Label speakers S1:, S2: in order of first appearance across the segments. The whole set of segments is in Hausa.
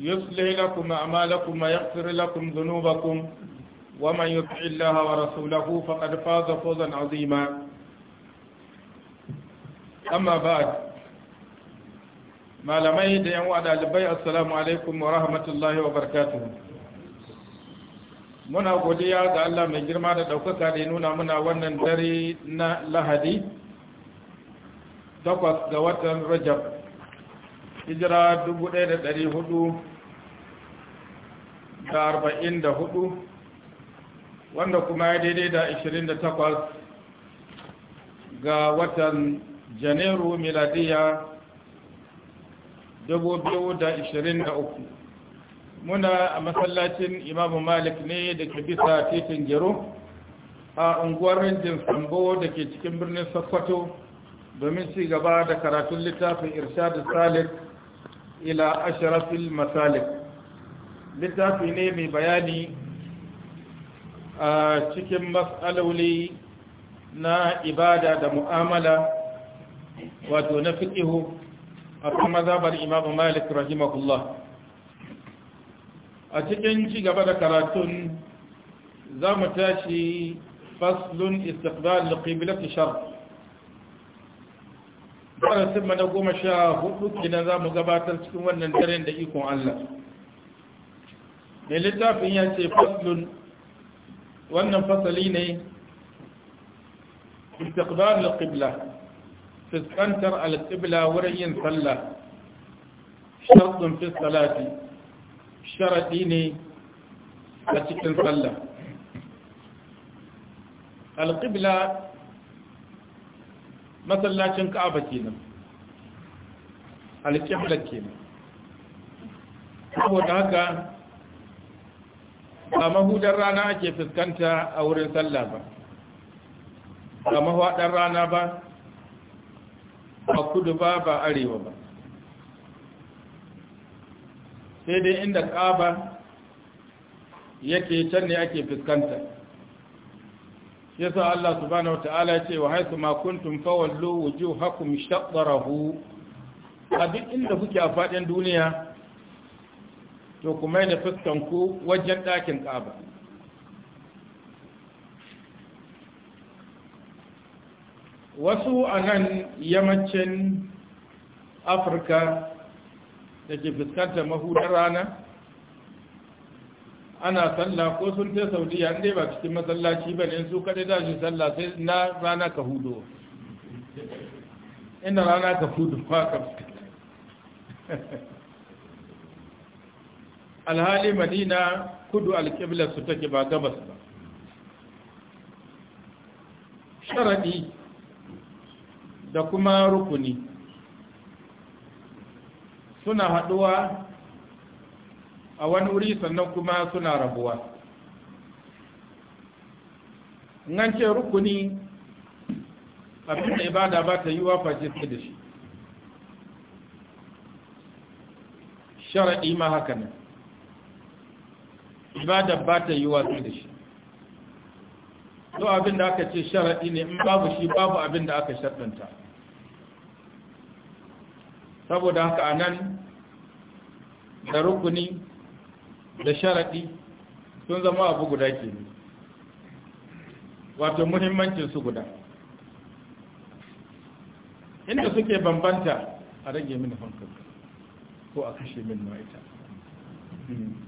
S1: يصلح لكم أعمالكم ويغفر لكم ذنوبكم ومن يطع الله ورسوله فقد فاز فوزا عظيما أما بعد ما لم يد ينوى لبي السلام عليكم ورحمة الله وبركاته muna godiya ga Allah mai girma da ɗaukaka da nuna muna wannan dare na lahadi takwas ga watan rajab hijira dubu ɗaya da ɗari hudu da arba'in da hudu wanda kuma ya daidai da ashirin da takwas ga watan janairu miladiya dubu biyu da ashirin da uku muna a masallacin imamu malik ne da ke bisa titin gero a unguwar rinjin sambo da ke cikin birnin sokoto domin ci gaba da karatun littafin irshadu salik ila ashirafil masalik littafi ne mai bayani a cikin matsaloli na ibada da mu'amala wato na fiƙihu a kuma zabar imamu malik rahimahullah a cikin ci gaba da karatun za mu tashi faslun istiqbal qiblat shar darasin mana goma sha hudu kenan za mu gabatar cikin wannan daren da ikon Allah mai littafin ya ce faslun wannan fasali ne istiqbal al-qibla fuskantar al-qibla wurin yin sallah shartun fi salati sharadi ne a cikin sallah al-qibla masallacin ka'aba kenan al-qibla kenan saboda haka ba mahudar rana ake fuskanta a wurin sallah ba ba mahudar rana ba ba kudu ba ba arewa ba sai dai inda ƙaba yake can ne ake fuskanta yasa Allah subhanahu ta'ala ya ce wa haisu ma kuntum fawallu wujuhakum shaqqarahu a duk inda kuke a faɗin duniya to kuma da fuskanku wajen ɗakin ƙaba wasu a nan yammacin afirka da ke fuskantar mahudar rana ana sallah ko sun ta saudiya inda ba cikin masallaci ba ne su kaɗai za su sallah sai na rana ka hudu ina rana ka hudu ba ka fuskanta alhali madina kudu alƙiblar su take ba gabas ba sharaɗi da kuma rukuni suna haɗuwa a wani wuri sannan kuma suna rabuwa ce rukuni abinda ibada ba ta yi wa fashe da shi sharaɗi ma haka nan ibada ba ta yi watsi da shi to abin da aka ce sharaɗi ne in babu shi babu abin da aka shaɗanta, saboda haka a nan da rukuni da sharaɗi sun zama abu guda ke ne wato muhimmancinsu guda inda suke bambanta a rage mini hankali ko a kashe min ma'aita hmm.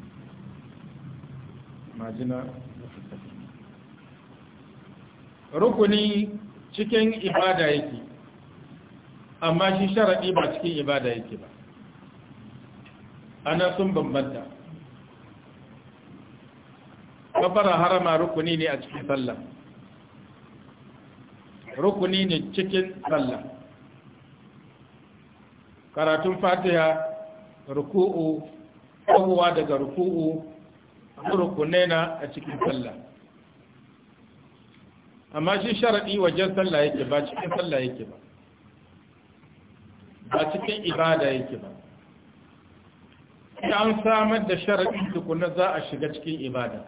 S1: majina rukuni cikin ibada yake amma shi sharaɗi ba cikin ibada yake ba ana sun bambanta kafara harama rukuni ne a cikin sallah rukuni ne cikin sallah karatun fatiha ruku'u ɗauwa daga ruku'u rukunai na a cikin sallah amma shi sharaɗi wajen sallah yake ba cikin sallah yake ba ba cikin ibada yake ba sai an samar da sharaɗin tukuna za a shiga cikin ibada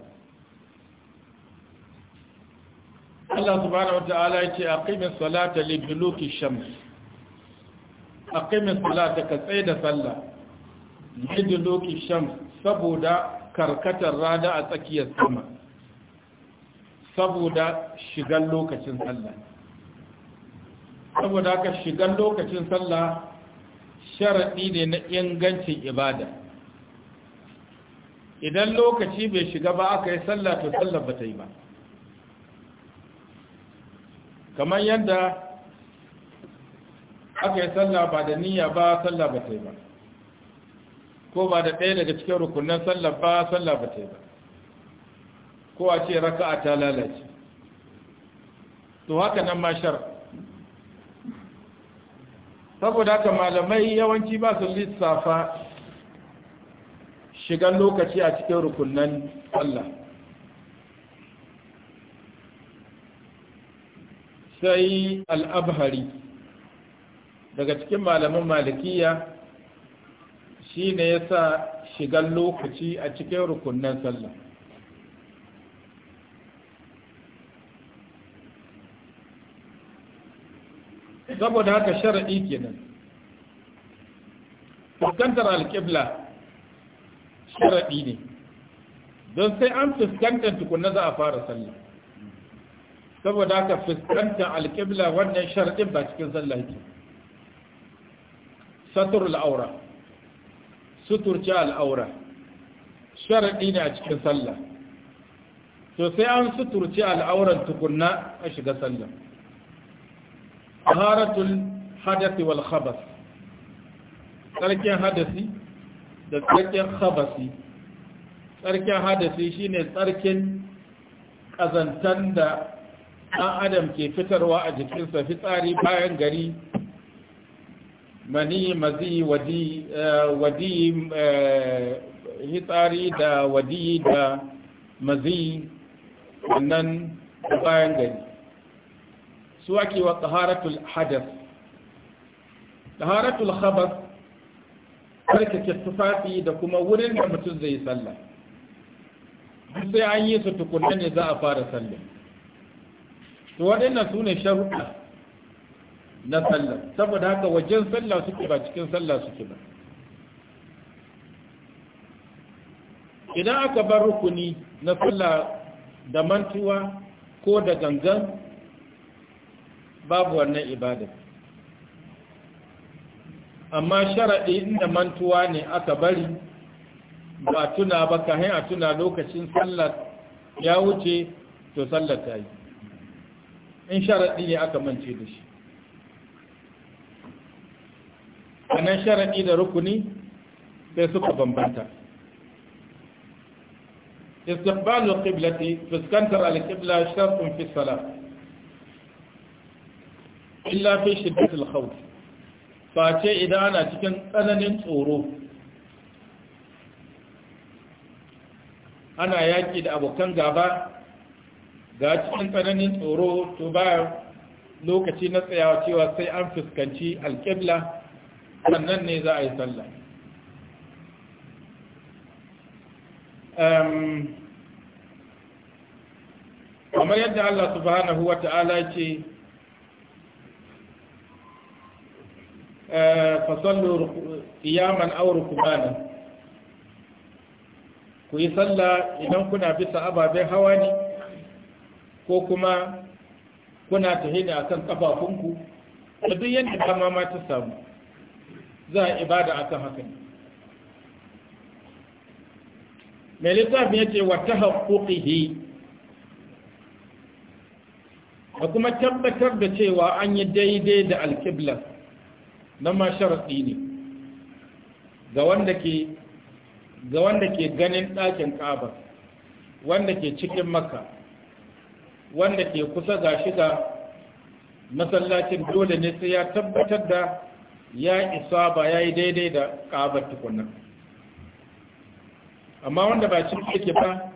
S1: Allah subhanahu wata'ala ya ce aqimin salata li duluki shams aqimin salata ka tsaye da sallah li duluki shams saboda karkatar rana a tsakiyar sama saboda shigan lokacin sallah saboda ka shigan lokacin sallah sharaɗi ne na ingancin ibada idan lokaci bai shiga ba aka yi sallah to sallah ba ta yi ba kamar yadda aka yi sallah ba da niyya ba sallah ba ta yi ba ko ba da ɗaya daga cikin rukunan sallar ba sallar ba ta yi ba ko a ce raka'a ta lalace to haka nan ma shar saboda haka malamai yawanci ba su lissafa shigan lokaci a cikin rukunan Allah sai al'abhari daga cikin malaman malikiya shi ne ya sa shigar lokaci a cikin rukunan sallah saboda haka shara'i kenan fuskantar alƙibla shara'i ne don sai an fuskanta tukunna za a fara sallah saboda haka fuskantar alƙibla wannan sharaɗin ba cikin sallah ke saturul aura Suturci al'aura sharaɗi ne a cikin sallah to sai an suturci al'auran tukunna a shiga sallah taharatul hadasi wal khabas tsarkin hadasi da tsarkin khabasi tsarkin hadasi shine tsarkin ƙazantar da ɗan adam ke fitarwa a jikinsa fitsari bayan gari mani mazi wadi eh, wadi eh, hitsari da wadi da mazi wannan bayan gari su ake wa taharatul hadas taharatul habas tsarkake tufafi da kuma wurin da mutum zai sallah sai an yi su tukunna ne za a fara sallah to waɗannan su ne sharuɗa na sallah saboda haka wajen sallah suke ba cikin sallah suke ba idan aka bar rukuni na sallah da mantuwa ko da gangan babu wannan ibada amma sharaɗi inda mantuwa ne aka bari ba tuna ba kahin a tuna lokacin sallar ya wuce to sallar ta yi in sharaɗi ne aka mance da shi a sharaɗi da rukuni sai suka bambanta istiqbalul qiblati fuskantar alqibla shartun fi salat illa fi shiddatil khawf face idan ana cikin tsananin tsoro ana yaƙi da abokan gaba ga cikin tsananin tsoro to ba lokaci na tsayawa cewa sai an fuskanci alƙibla sannan ne za a yi sallah kamar yadda Allah subhanahu wa ta'ala ce eh, fasallu qiyaman aw rukbana ku yi sallah idan kuna bisa ababen hawa ne ko kuma kuna tahina akan kafafunku da duk yadda dama ma ta samu za a ibada akan haka ne mai littafin ya ce wata haƙoƙihi da kuma tabbatar da cewa an yi daidai da alƙibla na masharaɗi ne ga wanda ke ganin ɗakin ƙaba wanda ke cikin maka wanda ke kusa ga shiga masallacin dole ne sai ya tabbatar da ya isa ba ya yi daidai da ƙabar tukunan amma wanda ba cin take ba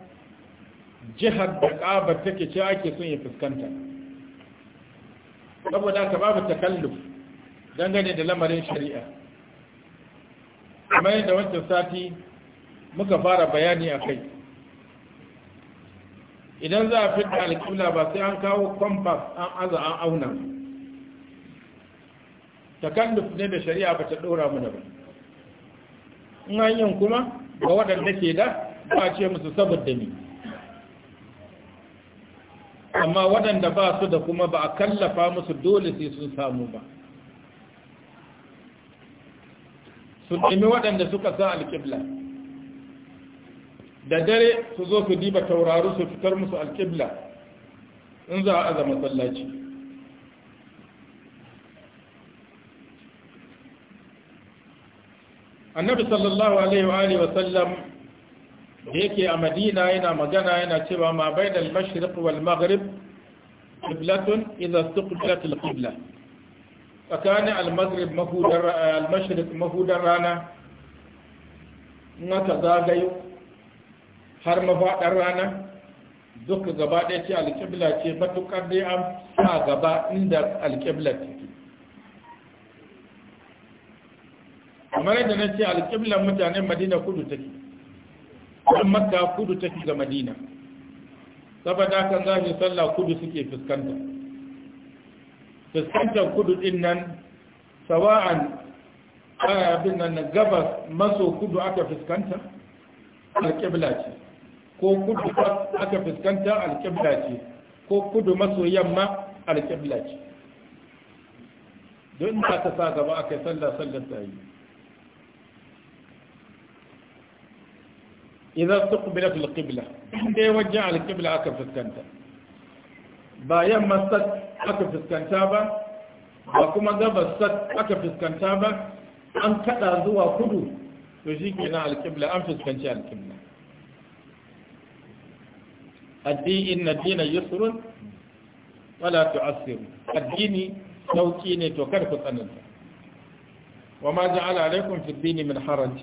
S1: jihar da ƙabar take ce ake son ya fuskanta saboda ka babu takalluf dangane da lamarin shari'a kamar yadda wancan sati muka fara bayani a kai idan za a da alƙibla ba sai an kawo kwamfas an aza an auna takalluf ne da shari'a bata ta ɗora mana ba in hanyar kuma ga waɗanda ke da ba ce musu saboda ni amma waɗanda ba su da kuma ba a kallafa musu dole sai sun samu ba su nemi waɗanda suka sa alƙibla da dare su zo su diba tauraru su fitar musu alƙibla in za a azama masallaci annabi sallallahu alaihi wa sallam da yake a madina yana magana yana cewa ma bainal mashriq wal maghrib qiblatun idza istiqbalat al qibla tsakanin al maghrib al mashriq mahudar rana naka zagayo har mafaɗar rana duk gaba ɗaya ce alƙibla ce matuƙar dai an sa gaba inda alƙibla ce kamar yadda na ce alƙiblar mutanen madina kudu take ɗan makka kudu take ga madina saboda kan za su sallah kudu suke fuskanta fuskantar kudu din nan sawa'an abin nan na gabas maso kudu aka fuskanta alƙibla ce ko kudu aka fuskanta alƙibla ce ko kudu maso yamma alƙibla ce don da aka sa gaba aka yi sallah sallar ta yi إذا استقبلت القبلة دي وجع القبلة أكا في السكنتا با يما ست أكا في السكنتا وكما قبل ست أكا في السكنتا با أن كتا زوا كدو تجيكنا القبلة أم في السكنتا القبلة الدين إن الدين يسر ولا تعسر الدين توكيني توكركت أنت وما جعل عليكم في الدين من حرج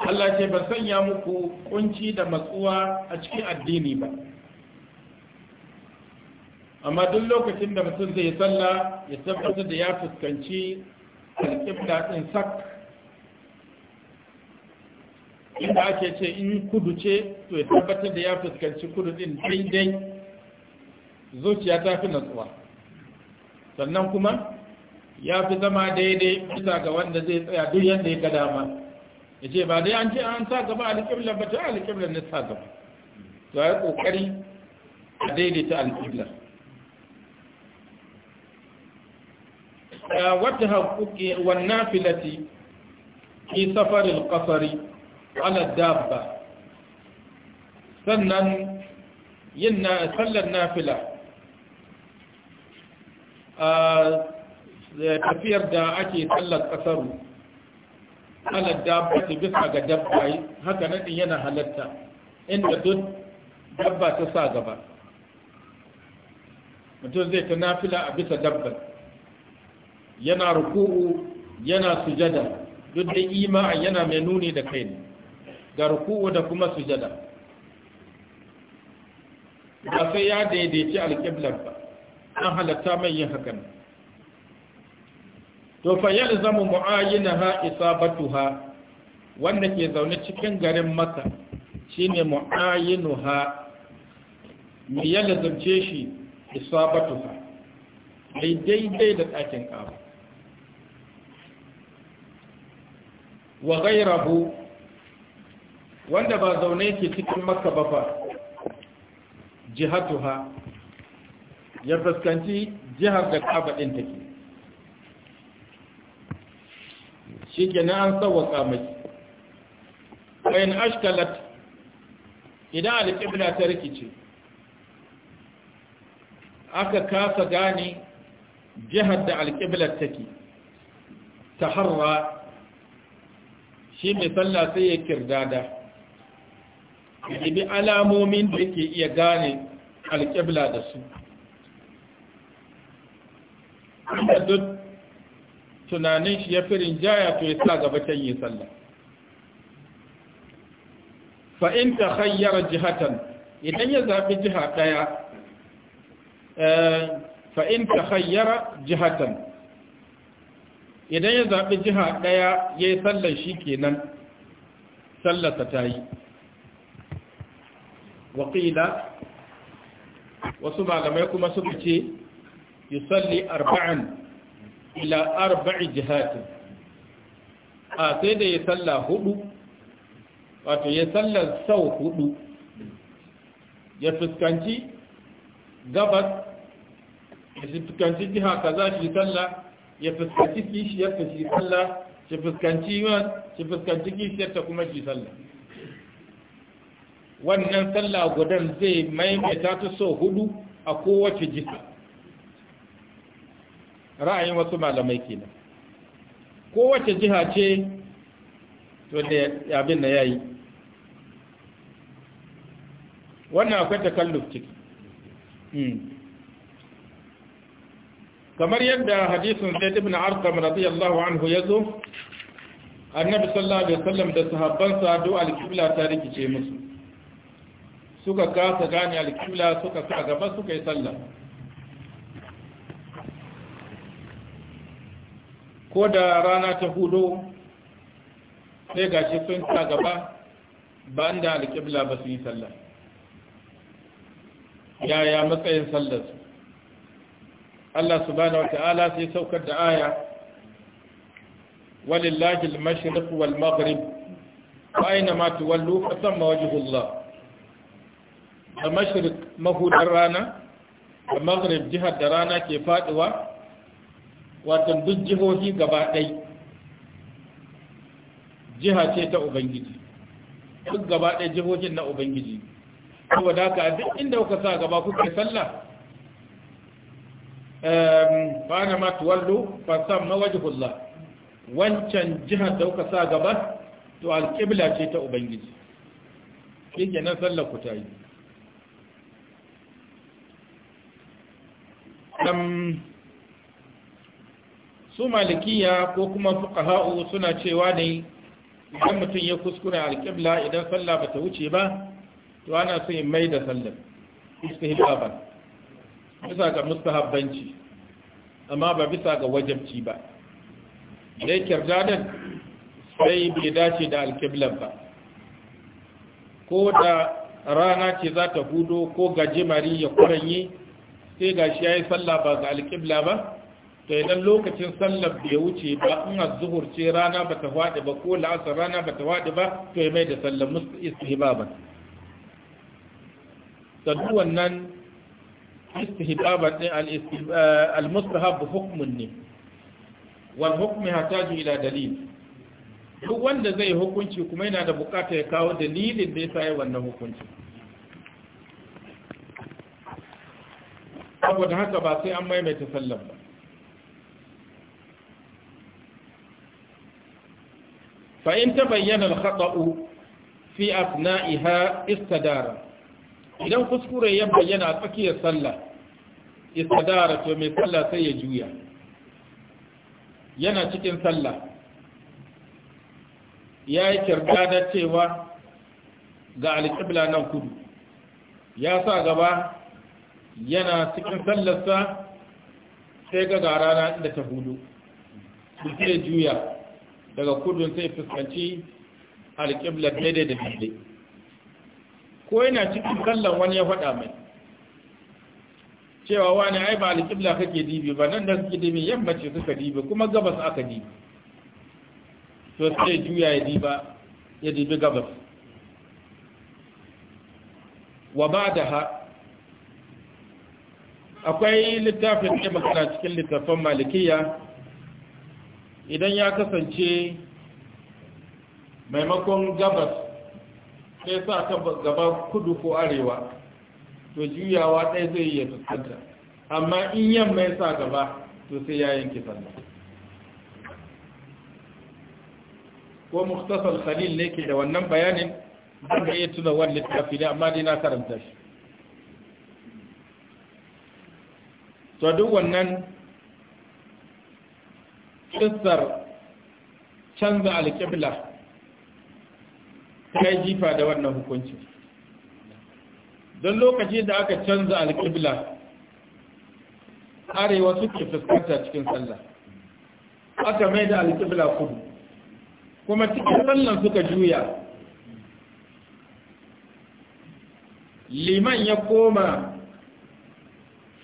S1: Allah ce ba sanya muku kunci da matsuwa a cikin addini ba amma duk lokacin da mutum zai sallah ya tabbatar da ya fuskanci alƙibla ɗin sak inda ake ce in kudu ce to ya tabbatar da ya fuskanci kudu ɗin daidai zuciya ta fi natsuwa sannan kuma ya fi zama daidai bisa ga wanda zai tsaya duk yadda ya ga dama yace ba dai an ce an sa gaba al-qibla ba ta al-qibla ne sa gaba to ai kokari a daidaita al alƙibla wata haƙuƙi wannan filati fi safarin ƙasari ala dabba sannan yin na sallar nafila a tafiyar da ake sallar kasaru ala dabba bisa ga dabba yi haka nan yana halatta inda duk dabba ta sa gaba mutum zai ta nafila a bisa dabba yana ruku'u yana sujada duk da ima yana mai nuni da kai ne ga ruku'u da kuma sujada ba sai ya daidaici alƙiblar ba an halatta mai yin hakan to fa yalzamu batu isabatuha wanda ke zaune cikin garin maka shine mu'ayyinuha mu yalzamce shi isabatuha ai daidai da ɗakin kaba wa ghayrahu wanda ba zaune ke cikin maka ba fa jihatuha ya fuskanci jihar da kaba ɗin take shi kenan an sauwaka mai bayan ashkalat idan alƙibla ta rikice aka kasa gane jihar da alƙiblar take ta harra shi mai tsalla sai ya kirdada ibi alamomin da yake iya gane alƙibla da su duk tunanin shi ya firin jaya to ya sa gaba can yi sallah fa in ta khayyara jihatan idan ya zabi jiha daya eh, fa in ta khayyara jihatan idan ya zabi jiha ɗaya ya yi sallar shi kenan sallarsa ta yi waƙila wasu malamai kuma suka ce yusalli salli arba'in ila arba'i jihatin a sai da ya salla hudu wato ya salla sau hudu ya fuskanci gabas ya fuskanci jiha kaza shi salla ya fuskanci kishiyarta shi salla shi fuskanci yiwuwar shi fuskanci kishiyarta kuma shi salla wannan salla gudan zai maimaita ta sau hudu a kowace jiha ra'ayin wasu malamai kenan kowace jiha ce to da abin da yayi wannan akwai takalluf ciki hmm. kamar yadda hadisin zaid ibn arqam radiyallahu anhu ya zo. annabi sallallahu alaihi wasallam da sahabbansa do al-qibla ta rikice musu suka kasa gane al-qibla suka sa gaba suka yi sallah ko da rana ta hudu sai ga shi sun ta gaba ba da alƙibla ba su yi sallah yaya matsayin sallar su Allah subhanahu wata'ala sai saukar da aya walillahi al-mashriq wal maghrib fa aina ma tuwallu fa thumma wajhu Allah al-mashriq mahudar rana al-maghrib jihar da rana ke faduwa wato duk jihohi gaba ɗai jiha ce ta ubangiji duk gaba ɗai jihohin na ubangiji saboda haka duk inda kuka sa gaba kuka sallah ba ehm, na ma tuwallo fasam na wajihullah wancan jihar da kuka sa gaba to alƙibla ce ta ubangiji yake nan sallar ku ta yi ehm, su malikiya ko kuma fuqaha'u suna cewa ne idan mutum ya kuskura alƙibla idan sallah bata wuce ba to ana so in mai da sallar istihbaban bisa ga mustahabbanci amma ba bisa ga wajabci ba dai kirdadan sai bai dace da alƙiblar ba ko da rana ce za ta hudo ko gajimari ya kuranye sai gashi ya yi sallah ba ga alƙibla ba to idan lokacin sallar ya wuce ba in zuhur ce rana ba ta faɗi ba ko la'asar rana ba ta faɗi ba to ya mai da sallar musu istihbaban sadu wannan istihbaban ɗin al haɓu hukumin ne wal hukmi hataju ila dalil duk wanda zai hukunci kuma yana da bukata ya kawo dalilin da yasa yi wannan hukunci saboda haka ba sai an maimaita sallar ba fa'in ta bayyana al-khata'u fi afna'iha istadara idan kuskure ya bayyana a tsakiyar sallah istadara to mai sallah sai ya juya yana cikin sallah ya yi kirgada cewa ga alƙibla nan kudu ya sa gaba yana cikin sallarsa sai ga gara na inda ta hudu sai juya daga kudun sai fuskanci alƙiblar daidai da daidai ko yana cikin kallon wani ya faɗa mai cewa wani ai ba alƙibla kake dibi ba nan da suke dibi yammace suka dibi kuma gabas aka dibi to sai juya ya diba ya dibi gabas wa ba da ha akwai littafin ke magana cikin littafin malikiya idan ya kasance maimakon gabas sai sa ta gaba kudu ko arewa to juyawa ɗaya zai iya fuskanta amma in yamma ya sa gaba to sai ya yanke sallah ko muktasar khalil ne ke da wannan bayanin ba da iya tuna wani littafi da amma dina karanta shi to duk wannan kissar canza alƙibla ta jifa da wannan hukunci don lokaci da aka canza alƙibla arewa suke fuskanta cikin sallah aka mai da alƙibla kudu kuma cikin sallan suka juya liman ya koma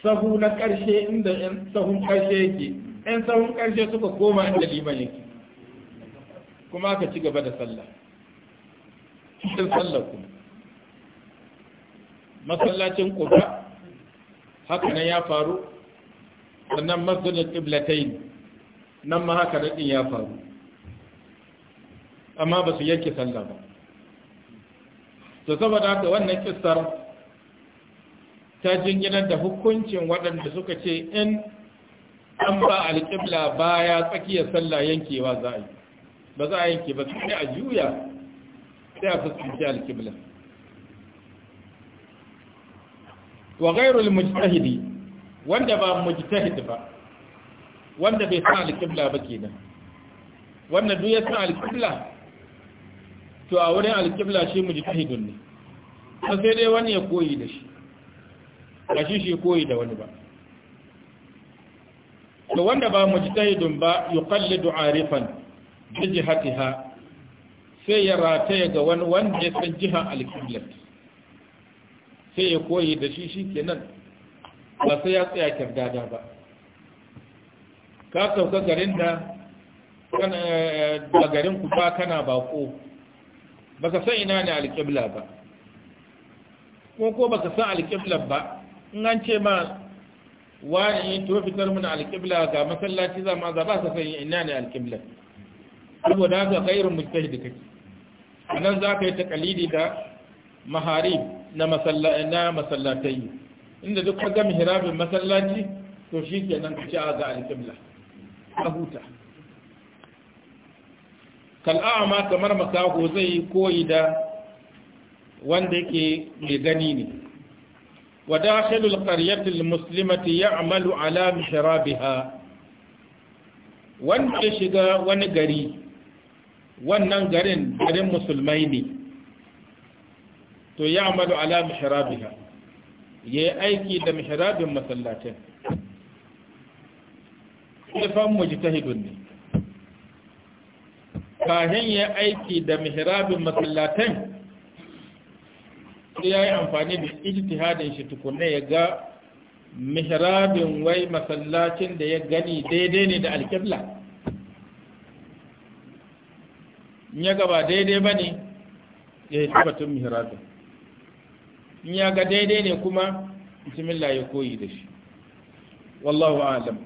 S1: sahu na ƙarshe inda sahun ƙarshe yake ɗan sahun ƙarshe suka koma inda liman yake kuma aka ci gaba da sallah cikin sallah kuma masallacin kuba haka nan ya faru sannan masjidin ƙiblatain nan ma haka nan ya faru amma ba su yanke sallah ba to saboda haka wannan kissar ta jingina da hukuncin waɗanda suka ce in an ba alƙibla baya tsakiyar sallah yankewa za a yi ba za a yanke ba sai a juya sai a fuskanci alƙibla wa gairul mujtahidi wanda ba mujtahid ba wanda bai sa alƙibla ba kenan wanda duk ya sa alƙibla to a wurin alƙibla shi mujtahidun ne sai dai wani ya koyi da shi ba shi shi koyi da wani ba to wanda ba mujtahidun ba yuqallidu arifan bi jihatiha sai ya rataya ga wani wanda ya san jiha al-qiblat sai ya koyi da shi shikenan ba sai ya tsaya kirdada ba ka sauka garin da da garin ku ba kana bako baka san ina ne al-qibla ba ko ko baka san al-qibla ba in an ce ma wani in to fitar na alƙibla ga masallaci za ma za ba ka san ina ne alƙibla saboda haka gairin mujtahid kake anan za ka yi taqalidi da mahari na masallatai inda duk ga mihrabin masallaci to shi ke nan ka ci a ga alƙibla a huta kal'a'ama kamar makaho zai koyi da wanda yake mai gani ne وداخل القرية المسلمة يعمل على محرابها wanda ya shiga wani gari wannan garin garin musulmai ne to ya amalu ala mihrabiha ya aiki da mihrabin masallacin ifan mujtahidun ne kahin ya aiki da sai ya yi amfani da ijtihadin shi tukunne ya ga mihrabin wai masallacin da ya gani daidai ne da alƙibla in ya gaba daidai ba ne ya yi tabbatun mihrabin in ya ga daidai ne kuma bismillah ya koyi da shi wallahu alam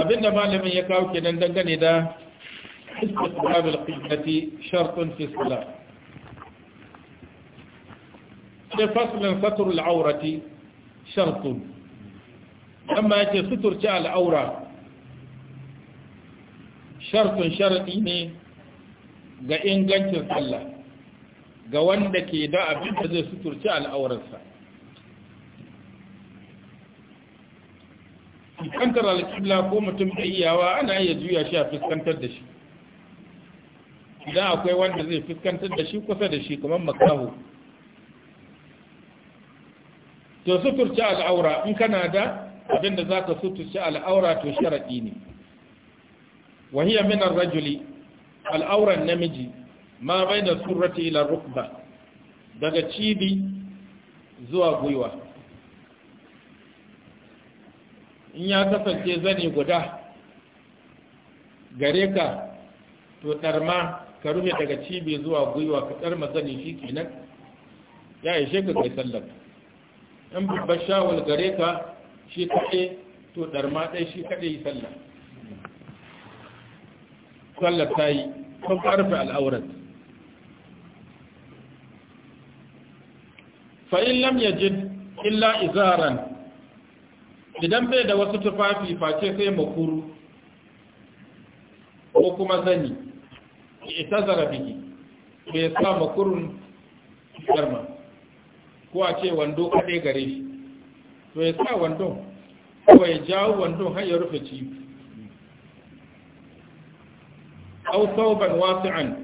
S1: abinda malamin ya kawo kenan dangane da istiqbal al-qibla shartun fi salat sai faslin saturul aurati shartun amma yake suturci al'aura shartun sharaɗi ne ga ingancin sallah ga wanda ke da abin da zai suturci al'aurarsa fuskantar alƙibla ko mutum da iyawa ana iya juya shi a fuskantar da shi idan akwai wanda zai fuskantar da shi kusa da shi kamar makaho to suturci al'aura in kana da abin da za ka suturci al'aura to sharaɗi ne wahiyar minar rajuli al'auran namiji ma bai da surrati ila rukba daga cibi zuwa gwiwa in ya kasance zani guda gare ka to ɗarma ka rufe daga cibi zuwa gwiwa ka ɗarma zane shi kenan ya ishe ka kai sallar
S2: in babbar shawal gare ka
S1: shi kaɗe to ɗarma ɗai shi kaɗe yi sallah sallar ta yi kan ƙarfe al'aurat fa'in lam yajid illa izaran idan bai da wasu tufafi face sai makuru ko kuma zani ita zara bai sa makurun karma ko a ce wando kaɗai gare shi to ya sa wandon ko ya jawo wando har ya rufe ci au sauban wasi'an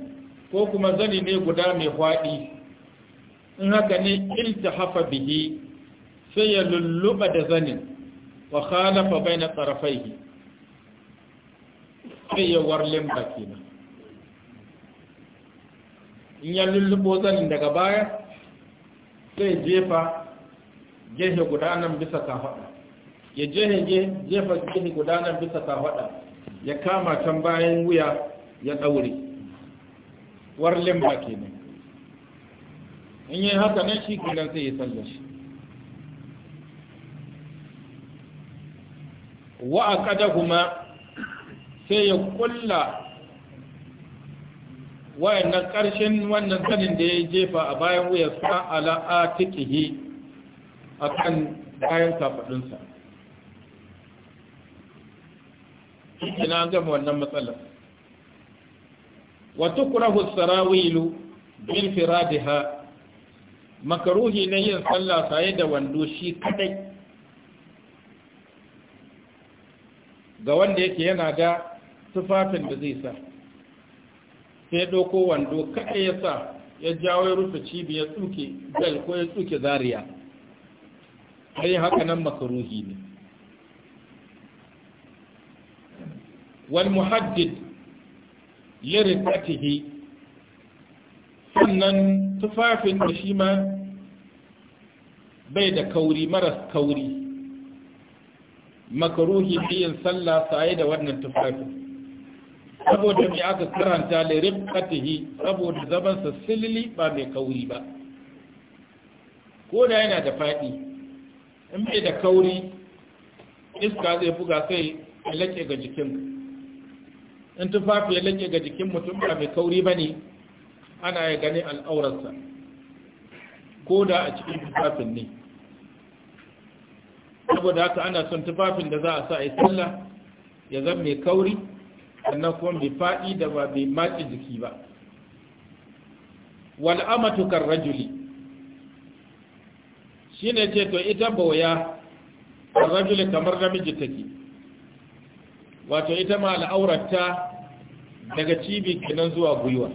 S1: ko kuma zani ne guda mai faɗi in haka ne hafa bihi sai ya lulluɓa da zanin wa na baina tsarafaihi sai ya warlin bakina in ya lullubo zanin daga baya sai jefa gehe guda nan bisa faɗa ya jehe jefa gehe guda nan bisa faɗa ya kama can bayan wuya ya daure warlin ba kenan in yi haka nan shi nan sai ya salla shi wa kuma sai ya kulla wayannan ƙarshen wannan sanin da ya jefa a bayan wuyarsa ala atiqihi akan bayan kafadunsa ina gama wannan matsalar wa tukrahu sarawilu bil firadiha makaruhi na yin sallah saye da wando shi kadai ga wanda yake yana da tufafin da zai sa sai ya wando kaɗai ya sa ya jawo ya rufe cibiyar tsuke gal ko ya tsuke zariya har yi haka nan makaruhi ne wal muhaddid lirikatihi sannan tufafin da shi ma bai da kauri maras kauri makaruhi biyan sallah saye da wannan tufafin
S2: saboda mai aka karanta
S1: da rifkatihi saboda zamansa silili ba mai kauri ba ko da yana da faɗi in bai da kauri iska zai buga sai ya laƙe ga jikin in tufafi ya laƙe ga jikin mutum ba mai kauri ba ne ana ya gani al'aurarsa ko da a cikin tufafin ne saboda haka ana son tufafin da za a sa a yi sallah ya zama mai kauri sannan kuma mai faɗi da ba mai maƙi jiki ba wal amatu Shi ne ce to ita boya rajuli kamar namiji take wato ita ma al'aurarta daga cibi kenan zuwa gwiwa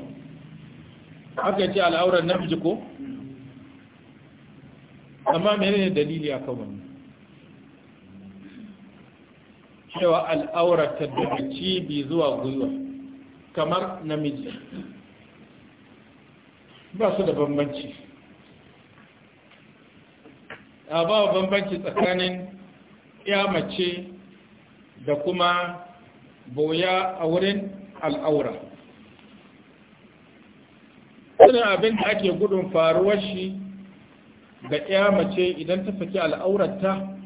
S1: aka ce al'aurar namiji ko amma ne dalili a kawai cewa al'aurata daga cibi zuwa gwiwa kamar namiji ba su da bambanci a ba bambanci tsakanin ya mace da kuma boya a wurin al'aura suna abin da ake gudun faruwar shi ga ya mace idan ta saki al'aurata.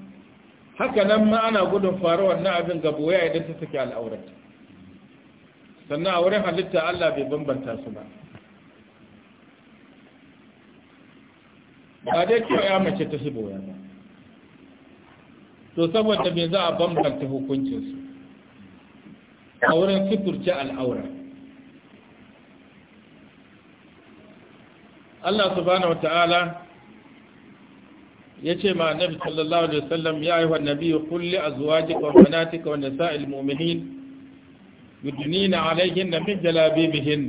S1: haka nan ma ana gudun faruwar na abin ga ya idan ta take al'aurata sannan a wurin halitta Allah bai bambanta su ba
S2: ba dai kyau ya mace
S1: ta shi boya ba to saboda me za a bambanta hukuncinsu a wurin suturce al'aura Allah subhanahu wa ta'ala yace ma annabi sallallahu alaihi wasallam ya ayyuhan nabiy qul li azwajika wa banatika wa nisa'il mu'minin yudnina alayhinna min jalabibihin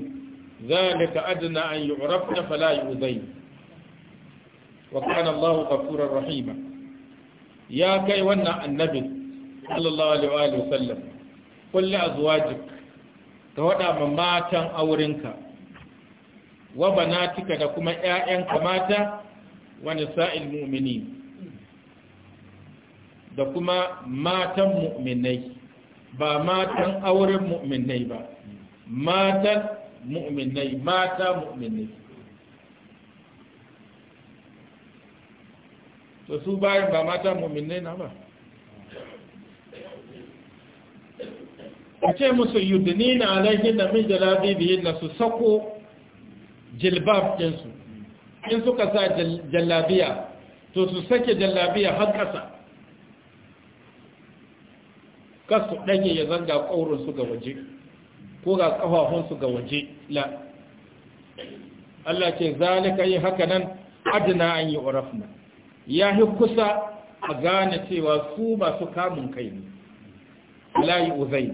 S1: ذلك أدنى أن يعرفن فلا يؤذين وكان الله غفورا رحيما يا كي ونا النبي صلى الله عليه Ka وسلم ma matan aurenka. Wa banatika da kuma إيائنك ماتا wani sa'il mu'mini da kuma matan mu'minai ba matan auren mu'minai ba matan mu'minai mata mu'minai to su bayan ba mata mu'minai na ba a ce musu yudini na alaihi na min jalabi biyu na su sako jilbab ɗinsu in suka sa jallabiya to su sake jallabiya har ƙasa kasu ɗanye ya zanga ƙaurinsu ga waje ko ga ƙafafunsu ga waje la Allah ce zalika yi haka nan adina an yi urafna. ya yi kusa a gane cewa su masu kamun kai ne layi uzai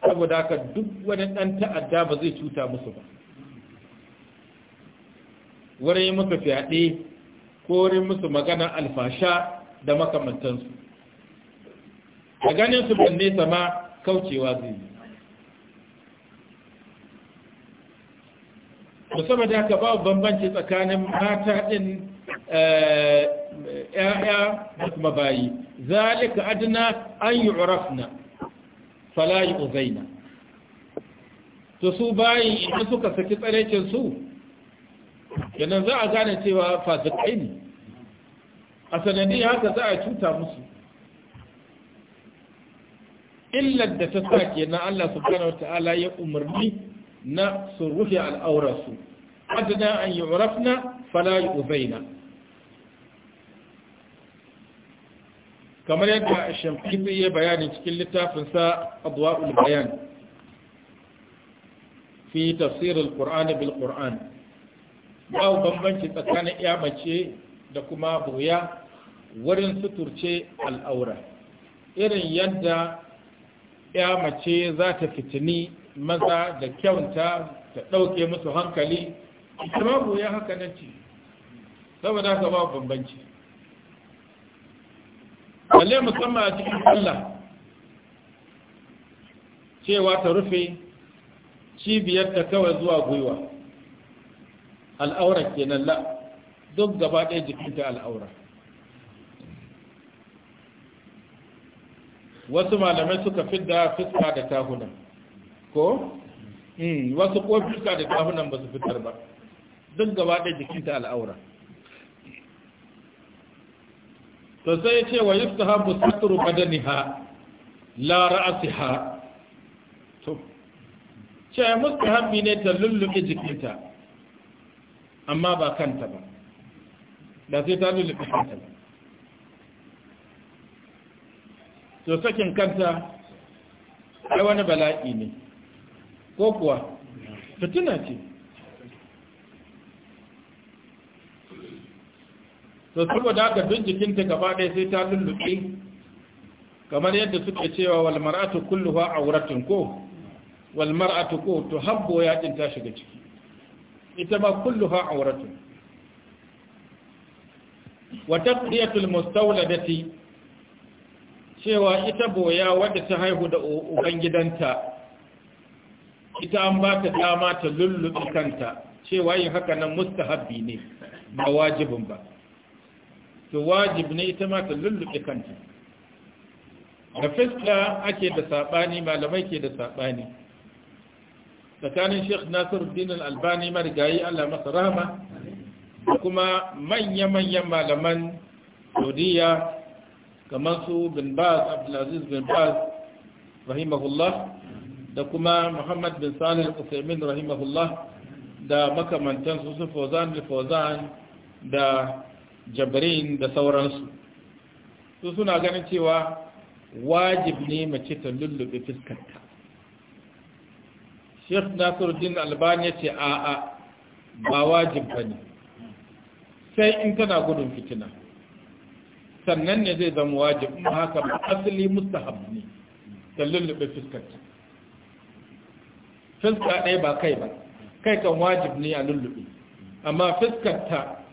S1: saboda haka duk wani ɗan ta'adda ba zai cuta musu ba wurin musu fyaɗe ko wurin musu magana alfasha da makamantansu a ganin su ban nesa ma kaucewa zai yi to saboda haka babu bambanci tsakanin mata ɗin ‘ya'ya eh, da kuma bayi zalika adina an yi urafna falayi uzaina to su bayi idan suka saki tsarekinsu? kenan za a gane cewa fasikai ne a sananni haka za a cuta musu illar da ta sa kenan Allah subhanahu wata'ala ya umarni na su al'aurarsu adana an yi urafna fala yi uzaina kamar yadda shamfizi ya bayani cikin littafinsa adwa'ul bayan fi tafsirin ƙur'ani bil qur'ani babu bambanci tsakanin ya mace da kuma boya wurin suturce al'aura irin yadda ya mace za ta fitini maza da kyauta ta ɗauke musu hankali ita ma boya haka nan ce saboda haka babu bambanci balle musamman a cikin Allah cewa ta rufe cibiyarta kawai zuwa gwiwa al'aura kenan la duk gaba ɗaya jikinta al'aura wasu malamai suka fidda fuska da tahunan ko hmm, wasu ko fuska da tahunan ba su fitar ba duk gaba ɗaya jikinta al'aura to sai ya ce wa yi su habu saturu badaniha la ha to ce mustahabbi ne ta lullube jikinta amma ba kanta ba da sai ta lulluɓe kanta ba to sakin kanta ai wani bala'i ne ko kuwa fitina ce to saboda haka duk jikinta gaba ɗaya sai ta lulluɓe kamar yadda suke cewa wal mar'atu kulluha auratun ko wal mar'atu ko to habbo yakin ta shiga ciki ita ma kullu kulluha auratu wa taqdiyatul mustawladati cewa ita boya wadda ta haihu da ubangidanta ita an ba ta dama ta lullubi kanta cewa yin haka nan mustahabbi ne ba wajibin ba to wajib ne ita ma ta lullubi kanta da fiska ake da saɓani, malamai ke da saɓani. tsakanin sheikh nasiruddin albani marigayi allah masa rahama da kuma manya-manyan malaman saudiya kamar su bin baz abdulaziz bin baz rahimahullah da kuma muhammad bin salih al-usaimin rahimahullah da makamantan su fozan da da jabrin da sauransu su suna ganin cewa wajib ne mace ta lullube fuskarta sheikh nasiruddin albani ya ce a'a ba wajib ba ne sai in kana gudun fitina sannan ne zai zama wajib in haka ba asali mustahab ne da lullube fuskarta fuska ɗaya ba kai ba kai kan wajib ne a lullube amma fiskarta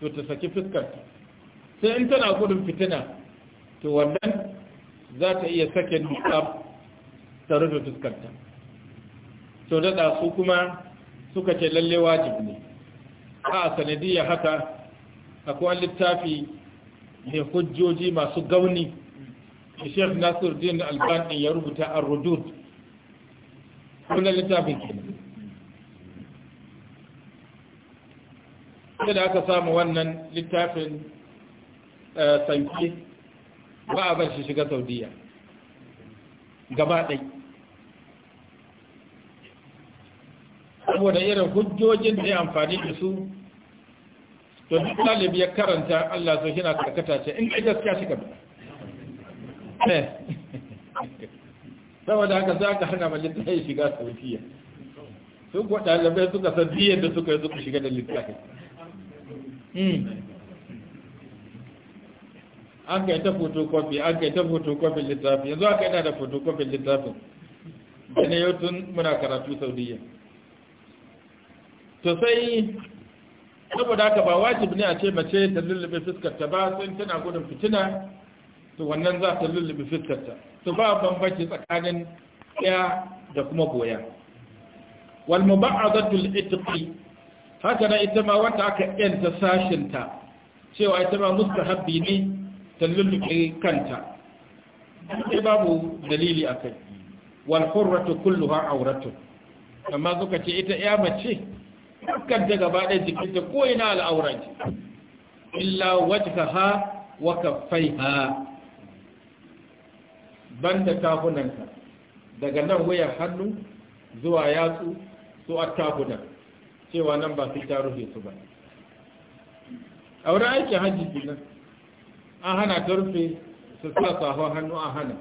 S1: to ta saki fiskarta sai in tana gudun fitina to wannan za ta iya sake niqab ta rufe fuskarta to daɗa su kuma suka ce lalle wajibi ne a sanadiya haka akwai littafi mai hujjoji masu gauni da sheikh nasiruddin albani ya rubuta a rudud littafin kenan sai da aka samu wannan littafin eh, sanke ba a bar shi shiga saudiya gaba ɗai saboda irin hujjojin da ya amfani da su to duk ɗalibi ya karanta Allah so shi na karkata ce in kai gaskiya shi kabi eh. saboda haka za ka hana malin da ya shiga saukiya su kuwa ɗalibai suka san biyan da suka yi suka shiga da littafi hmm. an kai ta fotokofi an kai ta fotokofi littafi yanzu aka yana da fotokofin littafin da ne yau tun muna karatu saudiya to sai saboda haka ba wajibi ne a ce mace ta lullube fuskarta ba sai tana gudun fitina to wannan za ta lullube fuskarta to ba bambanci tsakanin ya da kuma goya wal al itqi haka na ita ma wanda aka yanta ta cewa ita ma mustahabbi ne ta lullube kanta sai babu dalili akai wal hurratu kulluha auratun amma suka ce ita ya mace fuskar ta gaba ɗaya jikinta ko ina al'aura ce illa wajka ha wa kaffai ha banda tafunanta daga nan wayar hannu zuwa yatsu su a tafunan cewa nan ba su ta rufe su ba a wurin aikin hajji kenan an hana ta rufe su sa sahon hannu a hana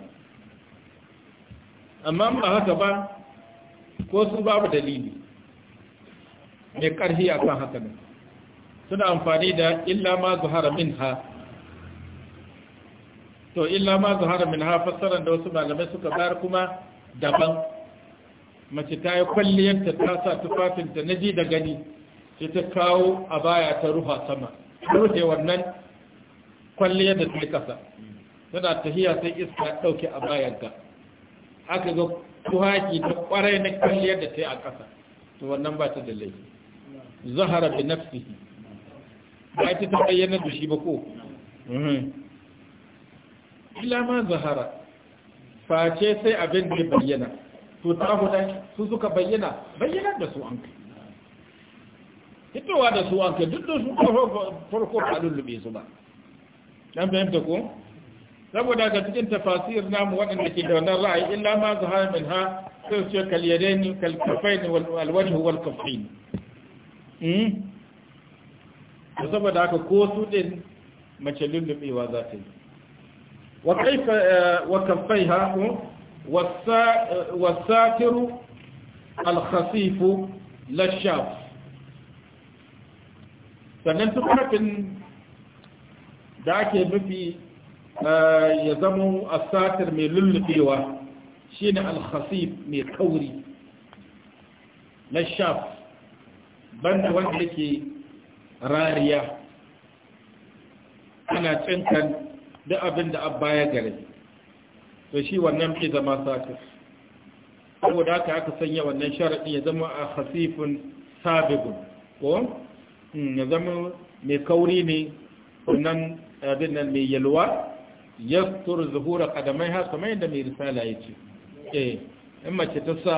S1: amma ba haka ba ko su babu dalili mai ƙarfi a kan haka ne suna amfani da illa ma zuhara min ha to illa ma zuhara min ha fassarar da wasu malamai suka bayar kuma daban mace ta yi kwalliyar ta sa tufafinta na ji da gani sai ta kawo a baya ta ruha sama rufe wannan kwalliyar da ta kasa tana tahiya sai iska ɗauke a ta aka ga tuhaki ta ƙwarai na kwalliyar da ta yi a ƙasa to wannan ba ta da laifi zahara bi nafsihi ba ita ta bayyana da shi ba ko mhm. Ila ma zahara face sai abin da ya bayyana to ta huda su suka bayyana bayyana da su an kai hitowa da su an kai duk da su farko ba lullube su ba dan fahimta ko saboda ga cikin tafasir namu waɗanda ke da wannan ra'ayi illa ma zahara min ha sai su ce alwani huwal walwajhu walkafaini da eh? saboda haka ko su ɗin mace lullubewa za ta yi wa eh, kafai haku hmm? wasatiru eh, alhasifu lashaf sannan tukurafin da ake nufi ya zama a satir mai lullubewa shine alhasif mai kauri lashaf banda wanda yake rariya ana cinkan duk abin da abba ya gare to shi wannan fi zama sakir saboda haka aka sanya wannan sharaɗi ya zama a hasifin sabigun ko hmm, ya zama mai kauri ne wannan abin nan mai yalwa ya turu zuhura kadamai ha kamar yadda mai risala ya ce eh in mace ta sa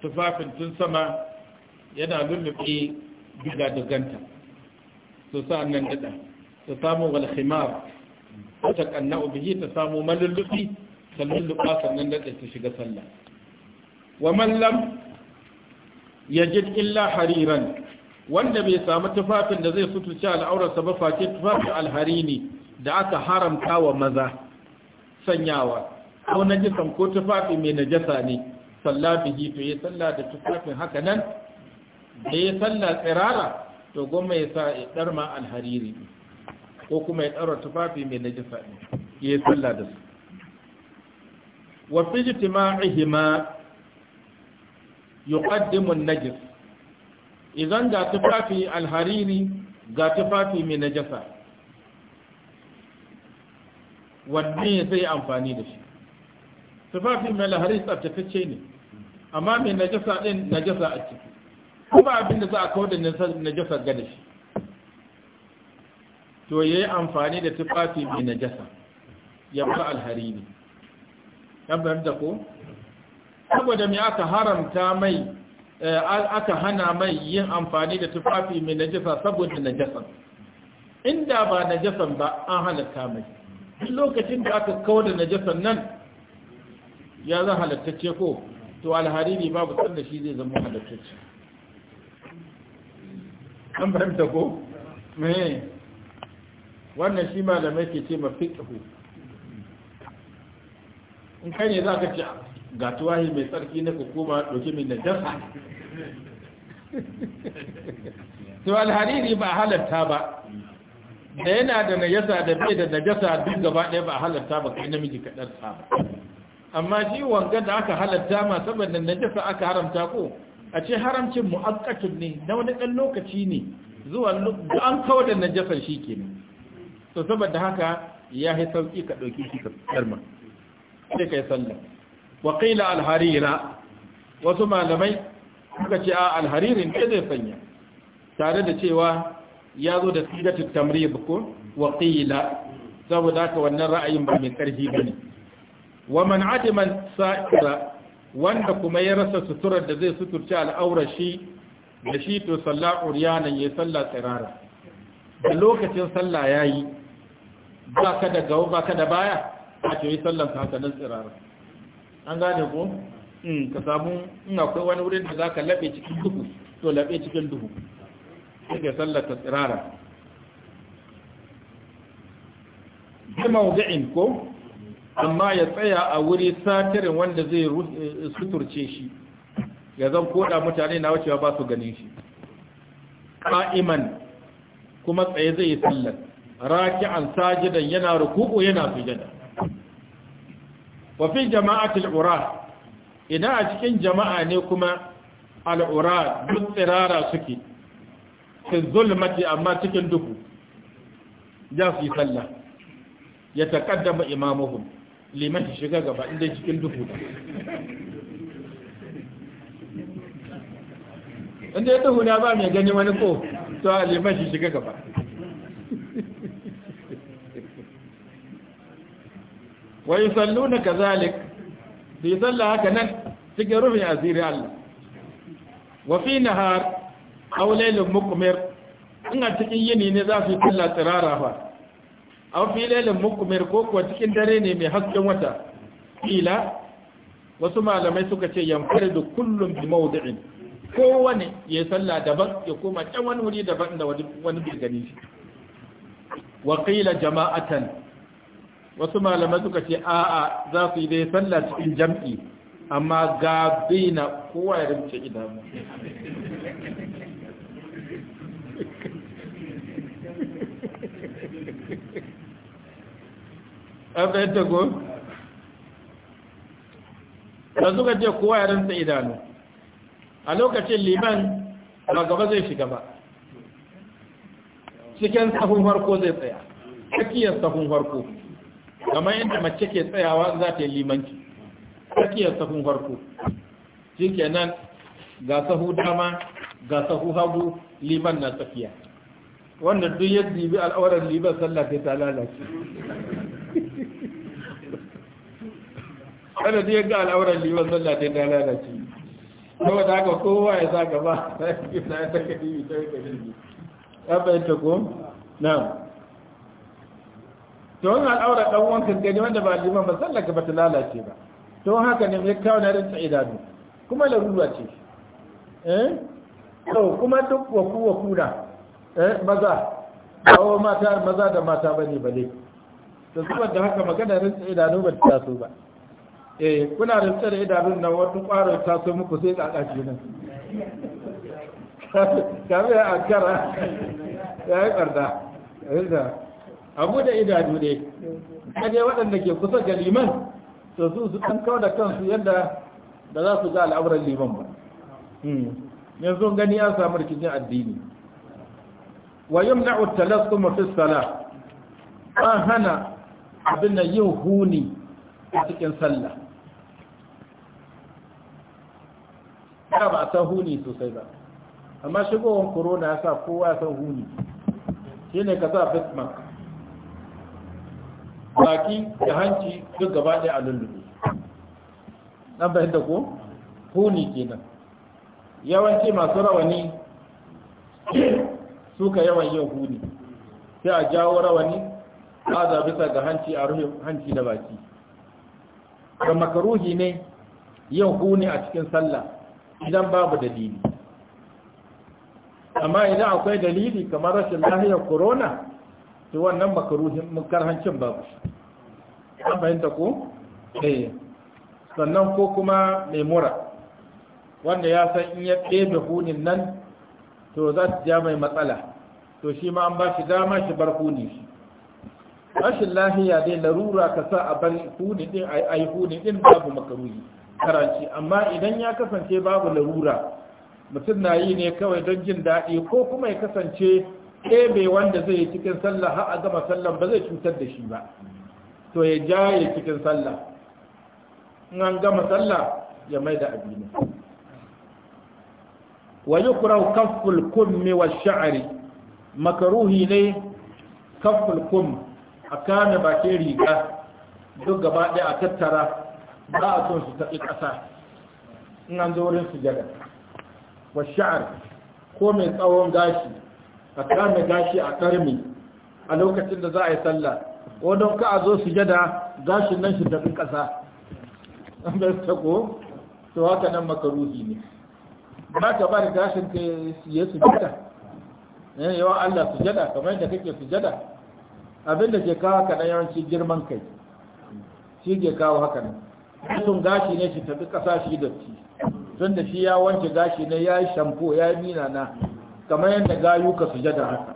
S1: tufafin tun sama yana lullube da ganta, su sa'an nan daɗa su samu walhimar wata ƙanna ubihi ta samu malullubi ta lulluɓa sannan daɗa ta shiga sallah wa mallam ya ji illa hariran wanda bai samu tufafin da zai sutuce al'aurarsa ba face tufafin alhari ne da aka haramta wa maza sanyawa ko na najisan ko tufafi mai najasa ne sallafihi to ya salla da tufafin haka nan da ya sallah tsirara to goma ya sa ya ɗarma alhariri ko kuma ya ɗarwa tufafi mai najisa ne ya yi sallah da su wa fi jitima'ihima yuqaddimu na najis idan ga tufafi alhariri ga tufafi mai najasa wanne zai amfani da shi tufafi mai alhariri tsabtace ne amma mai najasa din najasa a ciki ko ba abin da za a kawo da najasa gane shi to ya yi amfani da tufafi mai najasa ya bar alharini ya da ko saboda mai aka haramta mai eh, aka hana mai yin amfani da tufafi mai najasa saboda najasa inda ba najasan ba an halatta mai duk lokacin da aka kawo da najasan nan ya zan halattacce ko to ne babu sanda shi zai zama halattacce an fahimta ko mai wannan shi malamai ke ce mafi ƙahu in kai ne za ka ci ga tuwahi mai tsarki na kuma ɗauki mai da dafa
S2: to alhariri ba halatta ba
S1: da yana da yasa da bai da jasa duk gaba ɗaya ba halatta ba kai namiji kaɗar sa ba amma shi wanga da aka halatta ma saboda jasa aka haramta ko a ce haramcin mu'akkatun ne na wani ɗan lokaci ne zuwa da an kawo da najasar shi ke ne to saboda haka ya yi sauƙi ka ɗauki shi ka tsarma sai ka yi sallah wa qila wasu malamai suka ce a Alharirin haririn ne zai sanya tare da cewa ya zo da sigatun tamrib ko wa qila saboda haka wannan ra'ayin ba mai ƙarfi ne? wa man adima sa'ira wanda kuma ya rasa suturar da zai suturci al'aurar shi da shi to salla uriyanan ya salla tsirara da lokacin salla ya yi ba ka da gawo ba ka da baya a ce yi sallan ka tsirara an gane ko hmm, ka samu in akwai wani wurin da za ka laɓe cikin duhu to laɓe cikin duhu suke sallar ta tsirara ko amma ya tsaya a wuri satirin wanda zai eh, eh, suturce shi ya zan koda mutane na wucewa ba su ganin shi ƙa'iman kuma tsaye zai yi sallar Raki an sajidan yana ruku'u yana sujada wa fi jama'atul ura ina a cikin jama'a ne kuma al'ura duk tsirara suke fi zulmati amma cikin duhu Ya su sallah ya taƙaddama imamuhum liman shi shiga gaba inda cikin duhu da
S2: inda ya duhu na ba mai gani wani ko to a liman shi shiga
S1: gaba wa yi sallu na zalik da yi salla haka nan cikin rufin aziri Allah wa fi har aulailun mukumir in a cikin yini ne za su yi sallah tsirara ba an fi lailin mukmir ko kuwa cikin dare ne mai hasken wata ila wasu malamai suka ce yamfari da kullum bi mawdi'in kowane ya salla daban ya koma can wani wuri daban da wani bai gani shi wa jama'atan wasu malamai suka ce a'a za su yi dai sallah cikin jam'i amma ga bina kowa ya rince idanu an fahimta ko da suka ce kowa ya rantsa idanu a lokacin liman ba gaba zai shiga ba cikin sahun farko zai tsaya tsakiyar sahun farko kamar yadda mace ke tsayawa za ta yi limanci tsakiyar sahun farko shi kenan ga sahu dama ga sahu hagu liman na tsakiya wannan duk yadda bi al'aurar liban sallah ta lalace kada da ga al'auran liman sallah ta da lalace da haka kowa ya sa gaba ya ta kadi ta kadi ya ta ko na'am to wannan al'aura dan wanka wanda ba liman ba sallaka ba ta lalace ba to haka ne mai kawo na rinta idanu kuma larura ce eh to kuma duk waku waku da eh maza kawo mata maza da mata bane bane to da haka magana rinta idanu ba ta so ba eh kuna da tsare idanun nan wata ƙwarar ta so muku sai ƙaƙa ke nan
S2: kame a kara ya yi
S1: ƙarda abu da idanu ne kaje waɗanda ke kusa ga liman to su su ɗan kawo da kansu yadda da za su ga al'amuran liman ba hmm. yanzu gani ya samu rikicin addini wa yamna'u talassum fi salah an hana abin yin huni a cikin sallah da ba a san huni sosai ba amma shigowar corona ya sa kowa san huni shi ne ka sa face baki da hanci duk gaba ɗaya a lullube nan bayan da ko huni kenan yawanci masu rawani suka yawan yin huni sai a jawo rawani za bisa ga hanci a rufe hanci da baki ga makaruhi ne yin huni a cikin sallah idan babu dalili amma idan akwai dalili kamar rashin lahiyar corona to wannan makaruhin mukarhancin babu an fahimta ko? eh sannan ko kuma mai mura wanda ya san in ya ɗebe hunin nan to za su ja mai matsala to shi ma an ba shi dama shi bar huni shi rashin lahiya dai larura ka sa a bar huni din a yi huni ɗin babu makaruhi karanci amma idan ya kasance babu larura mutum na yi ne kawai don jin daɗi ko kuma ya kasance ɗebe wanda zai yi cikin sallah har a gama sallah ba zai cutar da shi ba to ya jaye cikin sallah in an gama sallah ya mai da abinu wa yukrahu kafful kummi wa sha'ri makaruhi ne kafful kum a kame bakin riga duk gaba ɗaya a tattara ba a son su taɓi ƙasa in an zo wurin sujada wa sha'ar ko mai tsawon gashi a kame gashi a ƙarmi a lokacin da za a yi sallah ko don ka a zo sujada gashin nan shi taɓi ƙasa an bai tako to haka nan makaruhi ne ba ka ba da gashin ka ya jada ne eh, yawa Allah sujada kamar yadda kake sujada abinda ke kawo haka nan yawanci girman kai shi ke kawo haka nan mutum gashi ne shi tafi ƙasa shi datti tun da shi ya wanke gashi ne ya yi shampo ya yi minana kamar yadda gayu ka sujada haka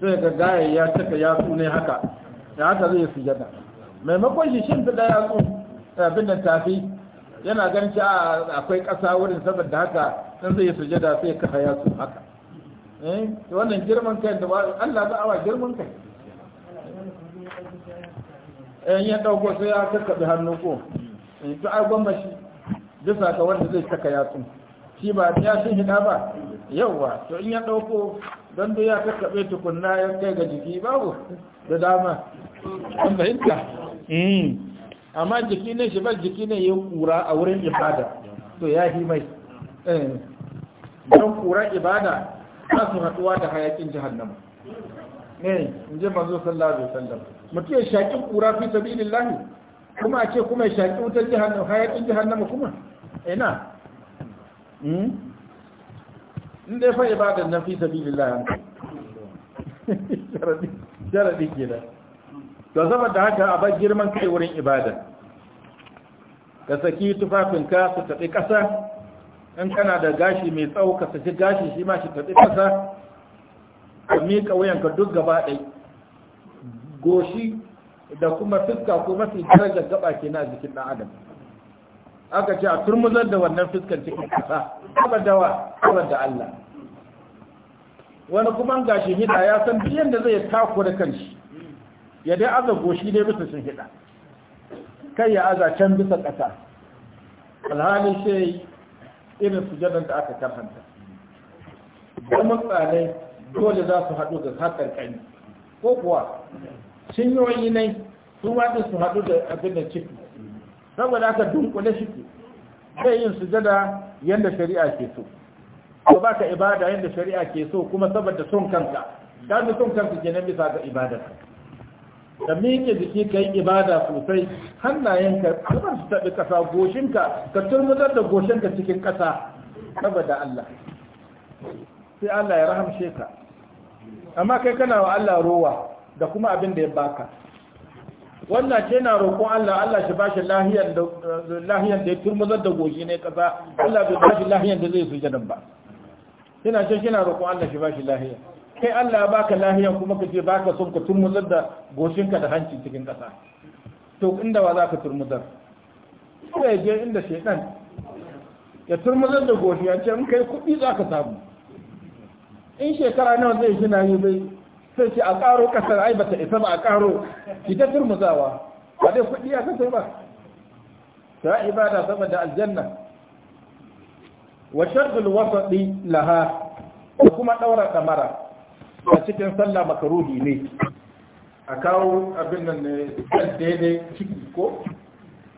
S1: sai ga gaya ya cika yatsu ne haka da haka zai sujada maimakon shi shin da su abin da tafi yana ganin ci ah, akwai ƙasa wurin saboda haka sun zai sujada sai kafa yatsu haka eh wannan girman kai da Allah a awa girman kai eh ya dauko sai ya kakkabe hannu ko Eh, to a gwamma shi bisa ga wanda zai saka yatsun, shi ba ya sun hina ba yauwa to in ya ɗauko don da ya kakkaɓe tukunna ya kai ga jiki babu da dama an fahimta hmm. amma jiki ne shi ba jiki ne ya kura a wurin ibada to ya yi mai eh. don kura ibada za su haɗuwa da hayakin jihannama ne eh, in ji manzo sallallahu alaihi wasallam mutum ya shaƙi kura fi sabilillahi kuma a ce kuma ya shaƙi wutar jihannama hayaƙin jihannama kuma ina hmm? in dai fa ibadan na fi sabilillah an sharadi sharadi kenan to da haka a bar girman kai wurin ibada ka saki tufafinka su tafi ƙasa in kana da gashi mai tsawo ka saki gashi shi ma shi tafi ƙasa ka miƙa wuyanka duk gaba ɗai goshi da kuma fuska ko mafi darajar gaba ke na jikin ɗan adam aka ce a turmuzar da wannan fuskar cikin ƙasa abadawa da Allah wani kuma shi hida ya san biyan da zai tako da kanshi ya dai aza goshi ne bisa sun hida kai ya aza can bisa ƙasa alhali sai irin sujadar da aka karhanta kuma tsanai dole za su haɗu ga haƙar ƙani ko kuwa cinyoyi ne sun wata su haɗu da abin da ciki saboda aka dunkule shi zai yin sujada yadda shari'a ke so ko baka ibada yadda shari'a ke so kuma saboda son kanka ka fi son kanka kenan bisa ga ibada da miƙe jiki ka yi ibada sosai hannayenka kalmar su taɓi ƙasa goshinka ka turmutar da goshinka cikin ƙasa saboda Allah sai Allah ya rahamshe ka amma kai kana wa Allah rowa da kuma abin da ya baka wannan ce na roƙon Allah Allah shi bashi lahiyan da lahiyan da ya turmuzar da goshi ne kasa Allah bai bashi lahiyan da zai sujada ba ina ce shi na roƙon Allah shi bashi lahiyan kai Allah ya baka lahiyan kuma ka ce baka son ka turmuzar da goshinka da hanci cikin kasa to inda wa za ka turmuzar ya je inda shedan ya turmuzar da goshi ya ce in kai kuɗi za ka samu in shekara nawa zai shi na yi bai sai ce a ƙaro ƙasar ai bata isa ba a ƙaro ki turmuzawa ba dai kuɗi a kasai ba ta ibada da aljanna wa shardul wasaɗi laha ko kuma ɗaura kamara? a cikin sallah makaruhi ne a kawo abin nan ne kan daidai ciki ko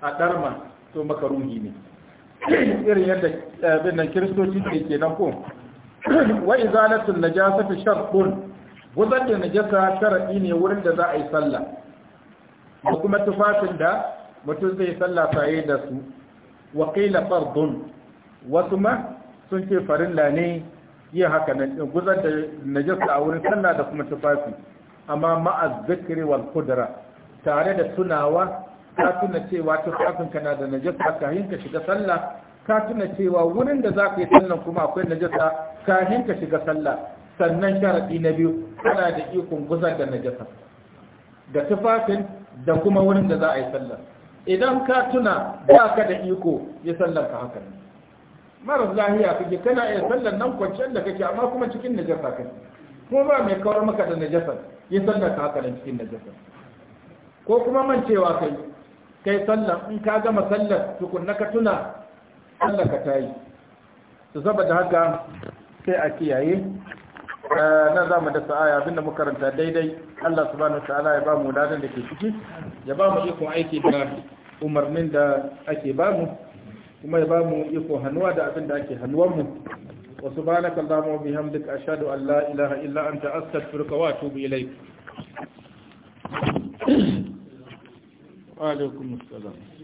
S1: a ɗarma to makaruhi ne irin yadda eh, abin nan kiristoci ke kenan ko wa izalatul najasa fi shartun Guzar da najasa sharaɗi ne wurin da za a yi sallah da kuma tufafin da mutum zai sallah saye da su waƙila fardun wasu ma sun ce farilla ne yi haka guzar da najasa a wurin sallah da kuma tufafi amma ma'az zikiri wal kudura tare da tunawa ka tuna cewa tufafin kana da najasa kahin ka shiga sallah ka tuna cewa wurin da za ka yi sallan kuma akwai najasa kahin ka shiga sallah sannan sharaɗi na biyu kana da ikon gusar da najasa da tufafin da kuma wurin da za a yi sallar idan ka tuna ba ka da iko ya sallar ka haka ne marar lahiya kake kana iya sallar nan kwanciyar da kake amma kuma cikin najasa kai kuma ba mai kawar maka da najasa ya sallar ka haka ne cikin najasa ko kuma cewa kai kai sallar in ka gama sallar tukunna ka tuna sallar ka ta yi saboda haka sai a kiyaye Eh, nan za mu dasa aya abinda muka karanta daidai Allah subhanahu ta'ala ya ba mu ladan da ke ciki ya ba mu iko aiki da umarnin da ake ba mu kuma ya ba mu iko hannuwa da abinda ake hannuwan mu wa subhanaka allahumma wa bihamdika ashhadu an la ilaha illa anta astaghfiruka wa atubu ilaik wa alaikum assalam